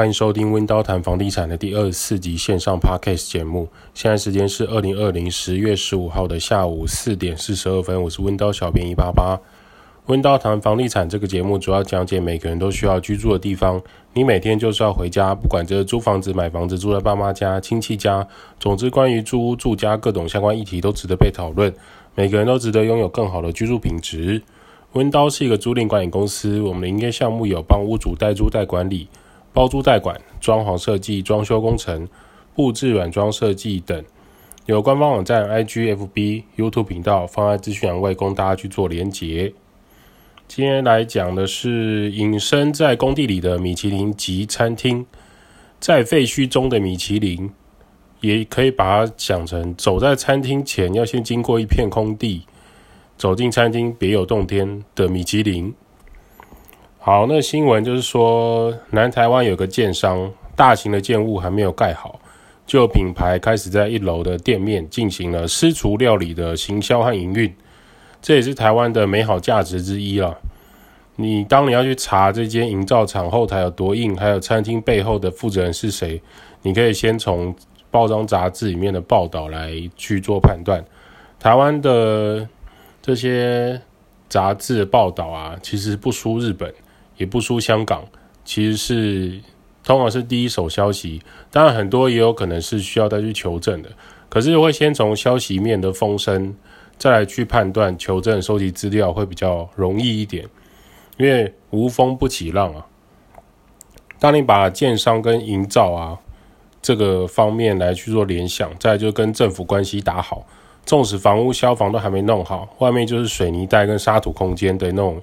歡迎收聽《溫叨談房地產》的第二十四集線上 podcast 節目。現在時間是二零二零十月十五號的下午四點四十二分。我是溫叨小編一八八。溫叨談房地產這個節目主要講解每個人都需要居住的地方。你每天就是要回家，不管這是租房子、買房子、住在爸媽家、親戚家，總之關於租屋、住家各種相關議題都值得被討論。每個人都值得擁有更好的居住品質。溫叨是一個租賃管理公司，我們的營業項目有幫屋主代租、代管理。包租代管、裝潢設計、裝修工程、佈置軟裝設計等，有官方網站、IG、FB、YouTube 頻道，放在資訊欄位，供大家去做連結。今天來講的是隱身在工地裡的米其林級餐廳，在廢墟中的米其林，也可以把它想成走在餐廳前要先經過一片空地，走進餐廳別有洞天的米其林。好，那個、新聞就是說，南台灣有個建商，大型的建物還沒有蓋好，就品牌開始在一樓的店面進行了私廚料理的行銷和營運，這也是台灣的美好價值之一啦。你當你要去查這間營造廠後台有多硬，還有餐廳背後的負責人是誰，你可以先從報章雜誌裡面的報道來去做判斷。台灣的這些雜志報道啊，其實不輸日本。也不輸香港，其實是通常是第一手消息，當然很多也有可能是需要再去求證的，可是又會先從消息面的風聲再來去判斷求證，收集資料會比較容易一點，因為無風不起浪啊。當你把建商跟營造啊這個方面來去做聯想，再來就跟政府關係打好，縱使房屋消防都還沒弄好，外面就是水泥帶跟沙土空間的那種。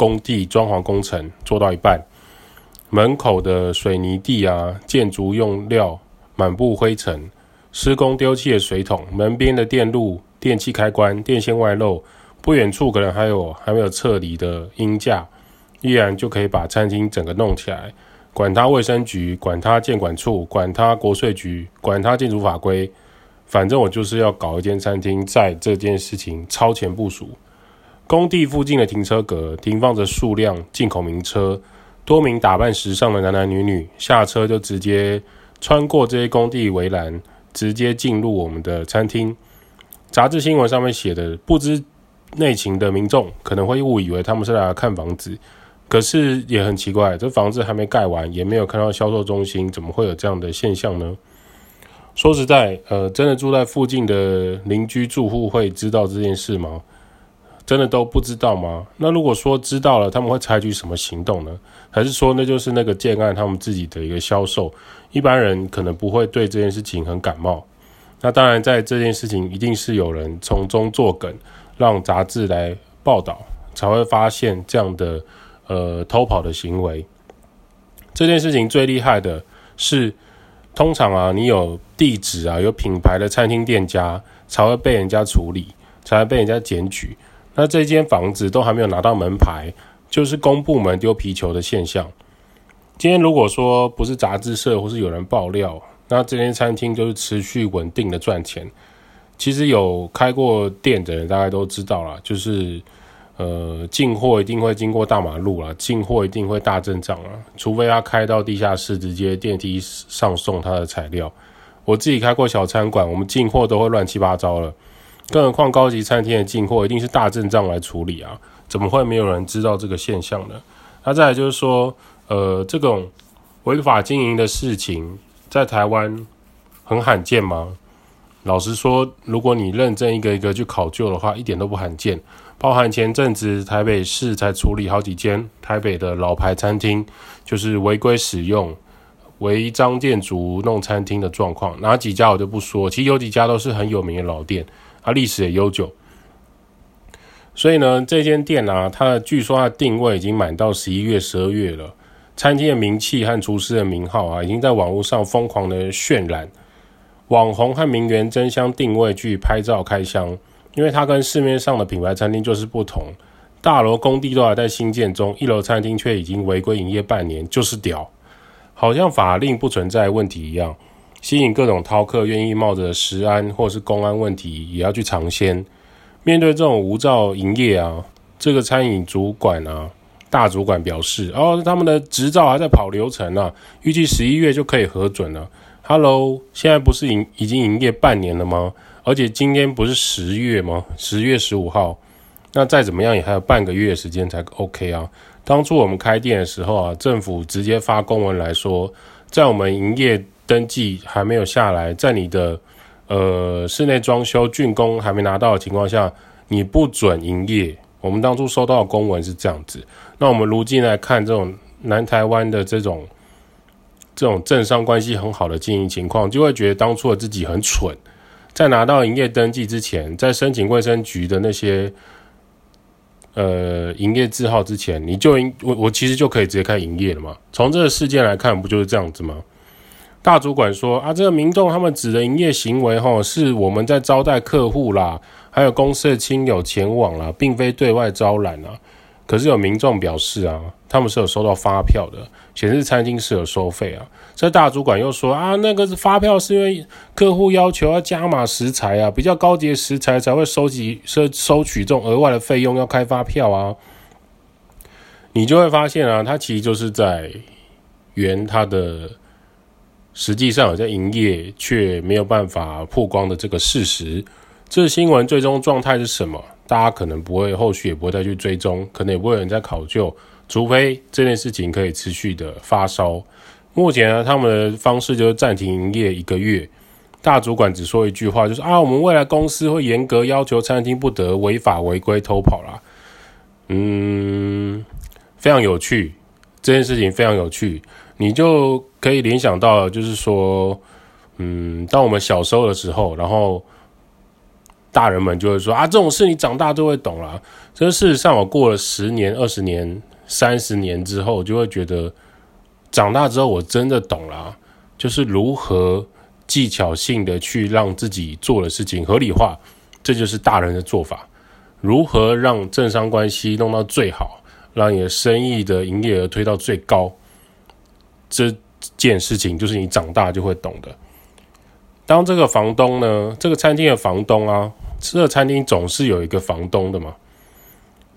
工地裝潢工程做到一半，門口的水泥地啊，建築用料滿布灰塵，施工丟棄的水桶，門邊的電路、電器開關、電線外露，不遠處可能還有還沒有撤離的鷹架，依然就可以把餐廳整個弄起來，管他衛生局，管他建管處，管他國稅局，管他建築法規，反正我就是要搞一間餐廳，在這件事情超前部署。工地附近的停車格停放着數輛進口名車，多名打扮時尚的男男女女下車就直接穿過這些工地圍欄，直接進入我們的餐廳。雜誌新聞上面寫的，不知內情的民眾可能會誤以為他們是來看房子，可是也很奇怪，這房子還沒蓋完，也沒有看到銷售中心，怎麼會有這樣的現象呢？說實在，呃，真的住在附近的鄰居住戶會知道這件事嗎？真的都不知道嗎？那如果說知道了，他們會採取什麼行動呢？還是說那就是那個建案他們自己的一個銷售？一般人可能不會對這件事情很感冒。那當然，在這件事情一定是有人從中作梗，讓雜誌來報道，才會發現這樣的呃偷跑的行為。這件事情最厲害的是，通常啊，你有地址啊，有品牌的餐廳店家才會被人家處理，才會被人家檢舉。那這間房子都還沒有拿到門牌，就是公部門丟皮球的現象。今天如果說不是雜誌社或是有人爆料，那這間餐廳就是持續穩定的賺錢。其實有開過店的人大概都知道了，就是呃進貨一定會經過大馬路啦，進貨一定會大陣仗啦，除非他開到地下室，直接電梯上送他的材料。我自己開過小餐館，我們進貨都會亂七八糟了。更何況高級餐廳的進貨一定是大陣仗來處理啊，怎麼會沒有人知道這個現象呢？那再來就是說，呃，這種違法經營的事情在台灣很罕見嗎？老實說，如果你認真一個一個去考究的話，一點都不罕見。包含前陣子台北市才處理好幾間台北的老牌餐廳，就是違規使用違章建築弄餐廳的狀況，哪幾家我就不說，其實有幾家都是很有名的老店。它歷史也悠久，所以呢，這間店啊，它的據說它定位已經滿到十一月、十二月了。餐廳的名氣和廚師的名號啊，已經在網絡上瘋狂的渲染。網紅和名媛爭相定位去拍照開箱，因為它跟市面上的品牌餐廳就是不同。大樓工地都還在興建中，一樓餐廳卻已經違規營業半年，就是屌，好像法令不存在問題一樣。吸引各種饕客願意冒着食安或是公安問題也要去嘗鮮。面對這種無照營業啊，這個餐飲主管啊，大主管表示，哦，他們的執照還在跑流程呢啊，預計十一月就可以核准了。Hello，現在不是營已經營業半年了嗎？而且今天不是十月嗎？十月十五號，那再怎麼樣也還有半個月的時間才 OK 啊。當初我們開店的時候啊，政府直接發公文來說，在我們營業。登記還沒有下來，在你的呃室內裝修竣工還沒拿到的情況下，你不准營業。我們當初收到的公文是這樣子。那我們如今來看，這種南台灣的這種這種政商關係很好的經營情況，就會覺得當初的自己很蠢。在拿到營業登記之前，在申請衛生局的那些呃營業字號之前，你就應我我其實就可以直接開營業了嘛？從這個事件來看，不就是這樣子嗎？大主管說：“啊，這個民眾他們指的營業行為，吼，是我們在招待客戶啦，還有公司親友前往啦，並非對外招攬啊。可是有民眾表示啊，他們是有收到發票的，顯示餐廳是有收費啊。這大主管又說：啊，那個是發票，是因為客戶要求要加碼食材啊，比較高級的食材才會收集收收取這種額外的費用，要開發票啊。你就會發現啊，他其實就是在圓他的。”實際上有在營業，卻沒有辦法曝光的這個事實，這新聞最終狀態是什麼？大家可能不會後續也不會再去追蹤，可能也不會有人在考究，除非這件事情可以持續的發燒。目前呢，他們的方式就是暫停營業一個月。大主管只說一句話，就是啊，我們未來公司會嚴格要求餐廳不得違法違規偷跑啦。嗯，非常有趣，這件事情非常有趣，你就。可以聯想到，就是說，嗯，當我們小時候的時候，然後大人們就會說啊，這種事你長大就會懂了，啊。這事實上，我過了十年、二十年、三十年之後，就會覺得長大之後我真的懂了，啊，就是如何技巧性的去讓自己做的事情合理化，這就是大人的做法。如何讓政商關係弄到最好，讓你的生意的營業額推到最高，這。件事情就是你長大就會懂的。當這個房東呢，這個餐廳的房東啊，這個餐廳總是有一個房東的嘛。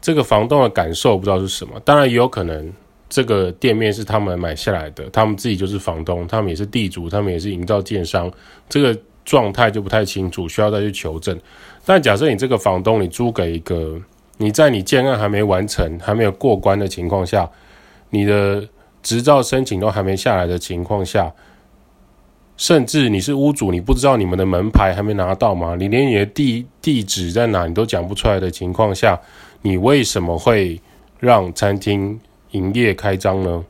這個房東的感受不知道是什麼，當然也有可能這個店面是他們買下來的，他們自己就是房東，他們也是地主，他們也是營造建商，這個狀態就不太清楚，需要再去求證。但假設你這個房東，你租給一個，你在你建案還沒完成、還沒有過關的情況下，你的。執照申請都還沒下來的情況下，甚至你是屋主，你不知道你們的門牌還沒拿到嗎？你連你的地地址在哪你都講不出來的情況下，你為什麼會讓餐廳營業開張呢？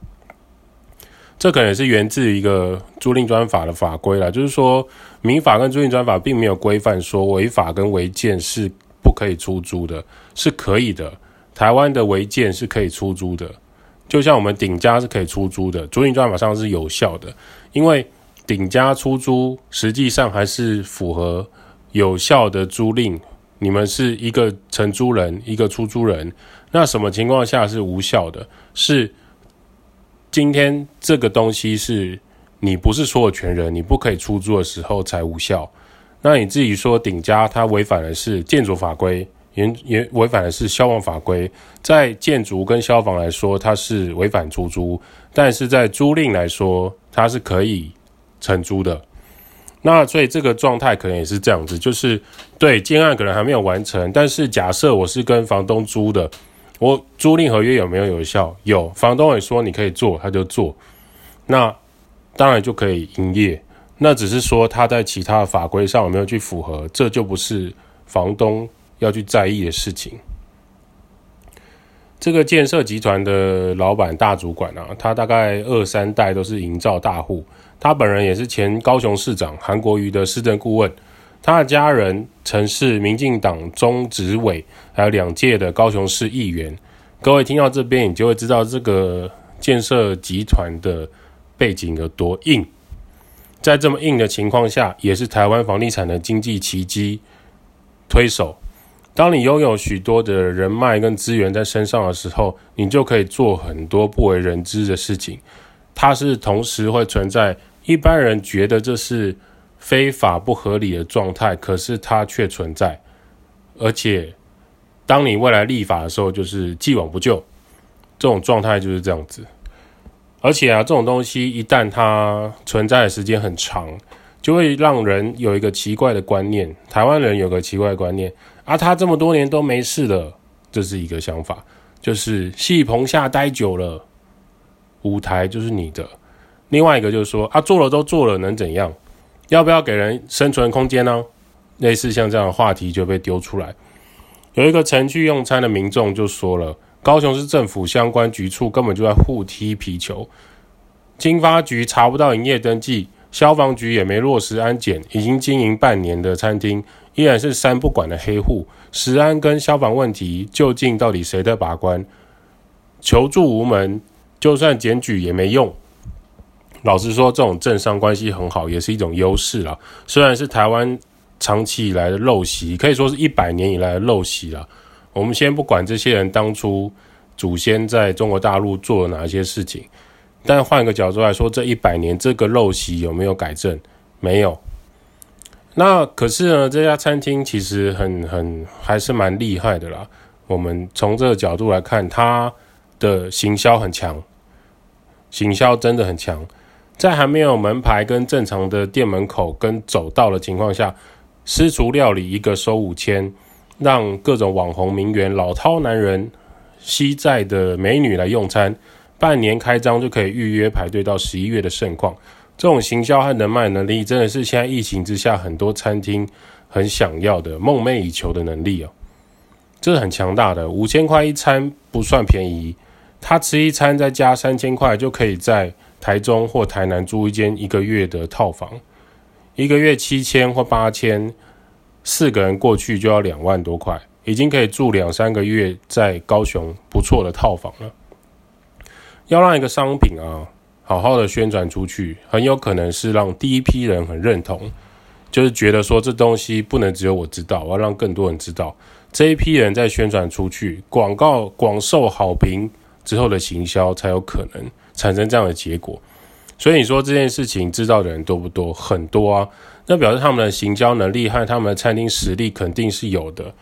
這可能是源自一個租賃專法的法規啦，就是說民法跟租賃專法並沒有規範說違法跟違建是不可以出租的，是可以的。台灣的違建是可以出租的。就像我們頂加是可以出租的租賃，專法上，是有效的，因為頂加出租實際上還是符合有效的租賃。你們是一個承租人，一個出租人。那什麼情況下是無效的？是今天這個東西是你不是所有權人，你不可以出租的時候才無效。那你自己說頂加它違反的是建築法規。也也違反的是消防法規，在建築跟消防來說，它是違反出租、租；但是在租賃來說，它是可以承租的。那所以這個狀態可能也是這樣子，就是對建案可能還沒有完成，但是假設我是跟房東租的，我租賃合約有沒有有效？有，房東也說你可以做，他就做，那當然就可以營業。那只是說他在其他的法規上有沒有去符合，這就不是房東要去在意的事情。這個建設集團的老板大主管啊，他大概二三代都是營造大戶。他本人也是前高雄市長韓國瑜的市政顧問。他的家人曾是民進黨中執委，還有兩屆的高雄市議員。各位聽到這邊，你就會知道這個建設集團的背景有多硬。在這麼硬的情況下，也是台灣房地產的經濟奇蹟推手。當你擁有許多的人脈跟資源在身上的時候，你就可以做很多不為人知的事情。它是同時會存在，一般人覺得這是非法不合理的狀態，可是它卻存在。而且，當你未來立法的時候，就是既往不咎，這種狀態就是這樣子。而且啊，這種東西一旦它存在的時間很長，就會讓人有一個奇怪的觀念。台灣人有個奇怪的觀念。啊，他這麼多年都沒事了，這是一個想法，就是戲棚下待久了，舞台就是你的。另外一個就是說，啊，做了都做了，能怎樣？要不要給人生存空間呢、啊？類似像這樣的話題就被丟出來。有一個前去用餐的民眾就說了，高雄市政府相關局處根本就在互踢皮球，經發局查不到營業登記，消防局也沒落實安檢，已經經營半年的餐廳。依然是三不管的黑戶，食安跟消防問題究竟到底誰在把關？求助無門，就算檢舉也沒用。老實說，這種政商關係很好，也是一種優勢啦。雖然是台灣長期以來的陋習，可以說是一百年以來的陋習啦。我們先不管這些人當初祖先在中國大陸做了哪些事情，但換個角度來說，這一百年這個陋習有沒有改正？沒有。那可是呢，這家餐廳其實很很還是蠻厲害的啦。我們從這個角度來看，它的行銷很強，行銷真的很強。在還沒有門牌跟正常的店門口跟走道的情況下，私廚料理一個收五千，讓各種網紅名媛、老饕男人、西寨的美女來用餐。半年開張就可以預約排隊到十一月的盛況。這種行銷和人脈能力，真的是現在疫情之下很多餐廳很想要的、夢寐以求的能力哦、喔。這是很強大的，五千塊一餐不算便宜，他吃一餐再加三千塊，就可以在台中或台南租一間一個月的套房，一個月七千或八千，四個人過去就要兩萬多塊，已經可以住兩三個月在高雄不錯的套房了。要讓一個商品啊。好好的宣傳出去，很有可能是讓第一批人很認同，就是覺得說這東西不能只有我知道，我要讓更多人知道。這一批人在宣傳出去，廣告廣受好評之後的行銷，才有可能產生這樣的結果。所以你說這件事情知道的人多不多？很多啊，那表示他們的行銷能力和他們的餐廳實力肯定是有的。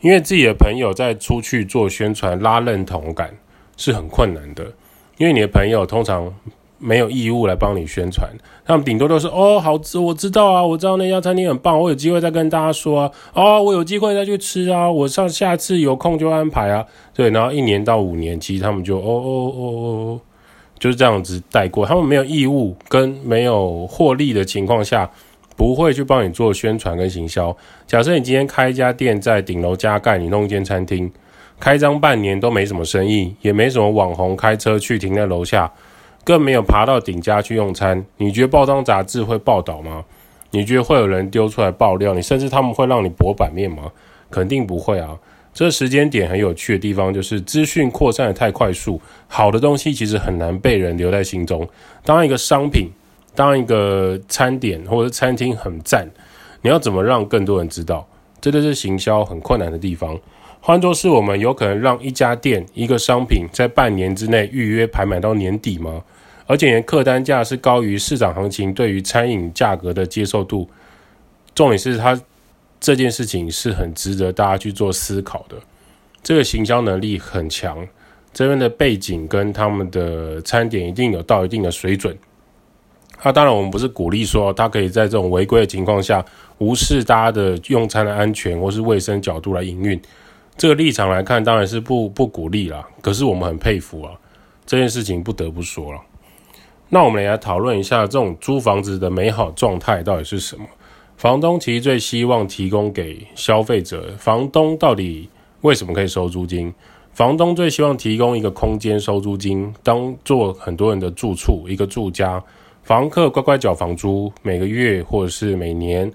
因為自己的朋友在出去做宣傳拉認同感是很困難的，因為你的朋友通常。沒有義務來幫你宣傳，他們頂多都是哦，好，我知道啊，我知道那家餐廳很棒，我有機會再跟大家說啊，哦，我有機會再去吃啊，我上下次有空就安排啊。對，然後一年到五年，其實他們就哦哦哦哦，就是這樣子帶過。他們沒有義務跟沒有獲利的情況下，不會去幫你做宣傳跟行銷。假設你今天開一家店，在頂樓加蓋，你弄一間餐廳，開張半年都沒什麼生意，也沒什麼網紅，開車去停在樓下。更沒有爬到頂家去用餐，你覺得報章雜誌會報道嗎？你覺得會有人丟出來爆料你？甚至他們會讓你搏版面嗎？肯定不會啊！這個時間點很有趣的地方就是資訊擴散得太快速，好的東西其實很難被人留在心中。當一個商品，當一個餐點或者餐廳很讚，你要怎麼讓更多人知道？這就是行銷很困難的地方。換作是我們，有可能讓一家店一個商品在半年之內預約排滿到年底嗎？而且連客單價是高於市場行情，對於餐飲價格的接受度。重點是他這件事情是很值得大家去做思考的。這個行銷能力很強，這邊的背景跟他們的餐點一定有到一定的水準啊。那當然，我們不是鼓勵說他可以在這種違規的情況下無視大家的用餐的安全或是衛生角度來營運。這個立場來看，當然是不不鼓勵啦。可是我們很佩服啊，這件事情不得不說了。那我們來討論一下這種租房子的美好狀態到底是什麼？房東其實最希望提供給消費者，房東到底為什麼可以收租金？房東最希望提供一個空間收租金，當做很多人的住處，一個住家。房客乖乖繳房租，每個月或者是每年，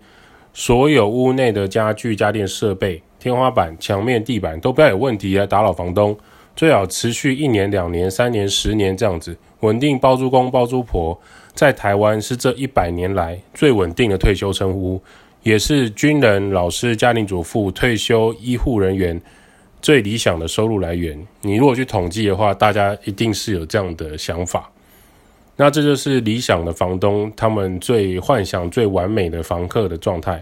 所有屋內的家具、家電設備、天花板、牆面、地板都不要有問題來打擾房東，最好持續一年、兩年、三年、十年這樣子。穩定，包租公、包租婆在台灣是這一百年來最穩定的退休稱呼，也是軍人、老師、家庭主婦、退休醫護人員最理想的收入來源。你如果去統計的話，大家一定是有這樣的想法。那這就是理想的房東，他們最幻想最完美的房客的狀態。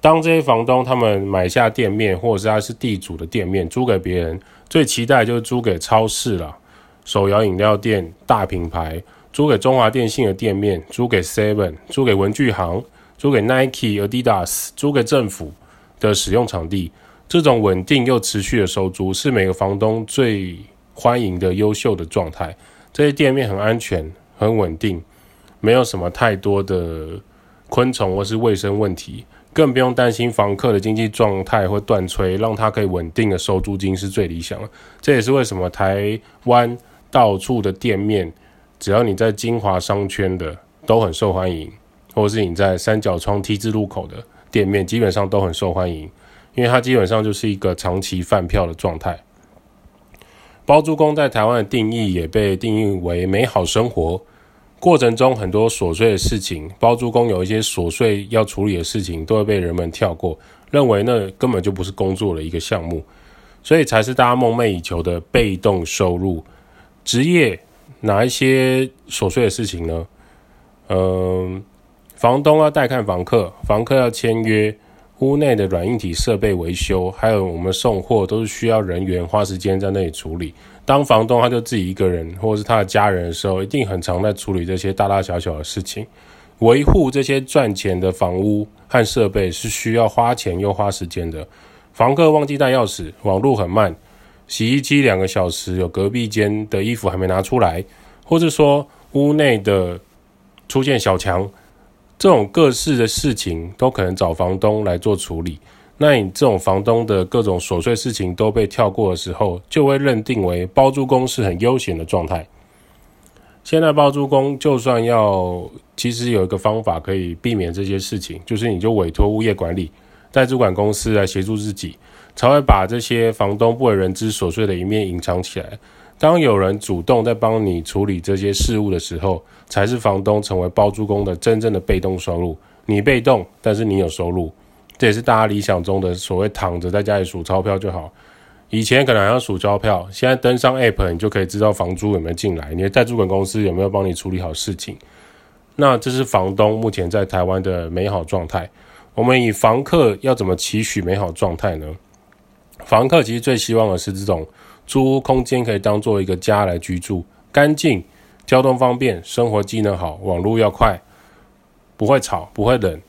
當這些房東他們買下店面，或者是他是地主的店面租給別人，最期待的就是租給超市了，手搖飲料店大品牌租給中華電信的店面，租給 Seven，租給文具行，租給 Nike、Adidas，租給政府的使用場地，這種穩定又持續的收租是每個房東最歡迎的優秀的狀態。這些店面很安全、很穩定，沒有什麼太多的昆蟲或是衛生問題，更不用擔心房客的經濟狀態會斷炊，讓他可以穩定的收租金是最理想的。這也是為什麼台灣，到處的店面，只要你在金華商圈的都很受歡迎，或是你在三角窗 T 字路口的店面，基本上都很受歡迎，因為它基本上就是一個長期飯票的狀態。包租公在台灣的定義也被定義為美好生活過程中很多瑣碎的事情，包租公有一些瑣碎要處理的事情都會被人們跳過，認為那根本就不是工作的一個項目，所以才是大家夢寐以求的被動收入。職業哪一些瑣碎的事情呢？嗯、呃，房東要帶看房客，房客要簽約，屋內的軟硬體設備維修，還有我們送貨，都是需要人員花時間在那裡處理。當房東他就自己一個人，或者是他的家人的時候，一定很常在處理這些大大小小的事情。維護這些賺錢的房屋和設備是需要花錢又花時間的。房客忘記帶鑰匙，網絡很慢。洗衣機兩個小時有隔壁間的衣服還沒拿出來，或者說屋內的出現小強，這種各式的事情都可能找房東來做處理。那你這種房東的各種瑣碎事情都被跳過的時候，就會認定為包租公是很悠閒的狀態。現在包租公就算要，其實有一個方法可以避免這些事情，就是你就委托物業管理、代租管公司來協助自己。才會把這些房東不為人知瑣碎的一面隱藏起來。當有人主動在幫你處理這些事務的時候，才是房東成為包租公的真正的被動收入。你被動，但是你有收入，這也是大家理想中的所謂躺着在家裡數鈔票就好。以前可能還要數鈔票，現在登上 App 你就可以知道房租有沒有進來，你的代租管公司有沒有幫你處理好事情。那這是房東目前在台灣的美好狀態。我們以房客要怎麼期許美好狀態呢？房客其實最希望的是這種租屋空間可以當做一個家來居住，乾淨、交通方便、生活機能好、網絡要快、不會吵、不會冷、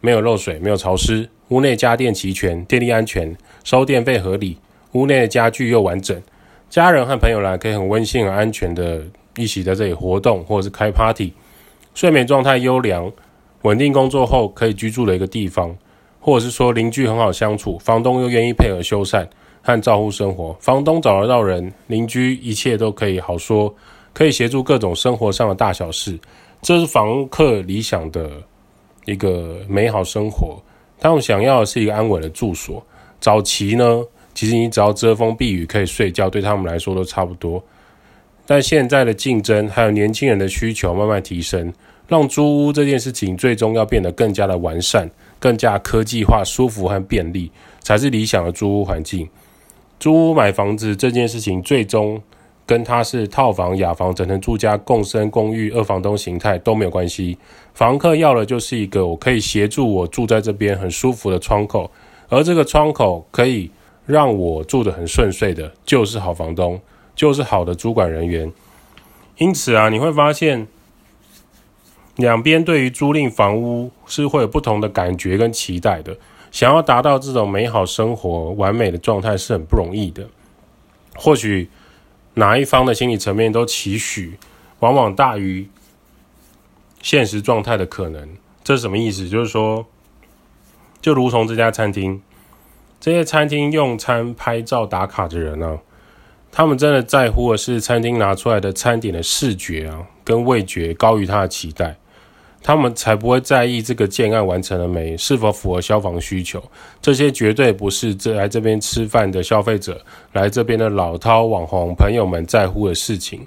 沒有漏水、沒有潮濕、屋內家電齊全、電力安全、收電費合理、屋內家具又完整，家人和朋友來可以很溫馨、很安全的一起在這裡活動或者是開 party，睡眠狀態優良、穩定工作後可以居住的一個地方。或者是說鄰居很好相處，房東又願意配合修繕和照顧生活，房東找得到人，鄰居一切都可以好說，可以協助各種生活上的大小事，這是房客理想的一個美好生活。他們想要的是一個安穩的住所。早期呢，其實你只要遮風避雨可以睡覺，對他們來說都差不多。但現在的競爭還有年輕人的需求慢慢提升，讓租屋這件事情最終要變得更加的完善。更加科技化、舒服和便利才是理想的租屋環境。租屋買房子這件事情，最終跟它是套房、雅房、整層住家、共生公寓、二房東形態都沒有關係。房客要的，就是一個我可以協助我住在這邊很舒服的窗口，而這個窗口可以讓我住得很順遂的，就是好房東，就是好的主管人員。因此啊，你會發現。兩邊對於租賃房屋是會有不同的感覺跟期待的，想要達到這種美好生活完美的狀態是很不容易的。或許哪一方的心理層面都期許，往往大於現實狀態的可能。這是什麼意思？就是說，就如同這家餐廳，這些餐廳用餐拍照打卡的人啊，他們真的在乎的是餐廳拿出來的餐點的視覺啊，跟味覺高於他的期待。他們才不會在意這個建案完成了沒，是否符合消防需求。這些絕對不是這來這邊吃飯的消費者、來這邊的老饕、網紅朋友們在乎的事情。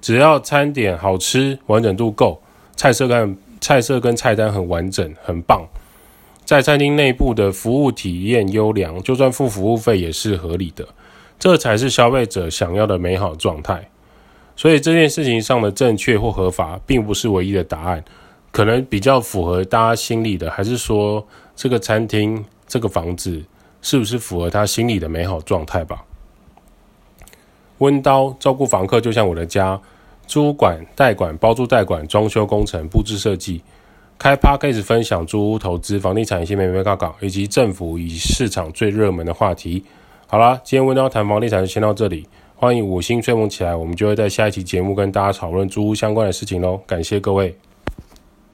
只要餐點好吃，完整度夠，菜色跟菜色跟菜單很完整，很棒，在餐廳內部的服務體驗優良，就算付服務費也是合理的。這才是消費者想要的美好狀態。所以這件事情上的正確或合法，並不是唯一的答案。可能比較符合大家心理的，還是說這個餐廳、這個房子是不是符合他心裡的美好狀態吧？溫叨照顧房客就像我的家，租管、代管、包租代管、裝修工程、布置設計，開趴開始分享租屋投資、房地產一些眉眉角角，以及政府以及市場最熱門的話題。好啦，今天溫叨談房地產就先到這裡，歡迎五星追夢起來，我們就會在下一期節目跟大家討論租屋相關的事情嘍。感謝各位。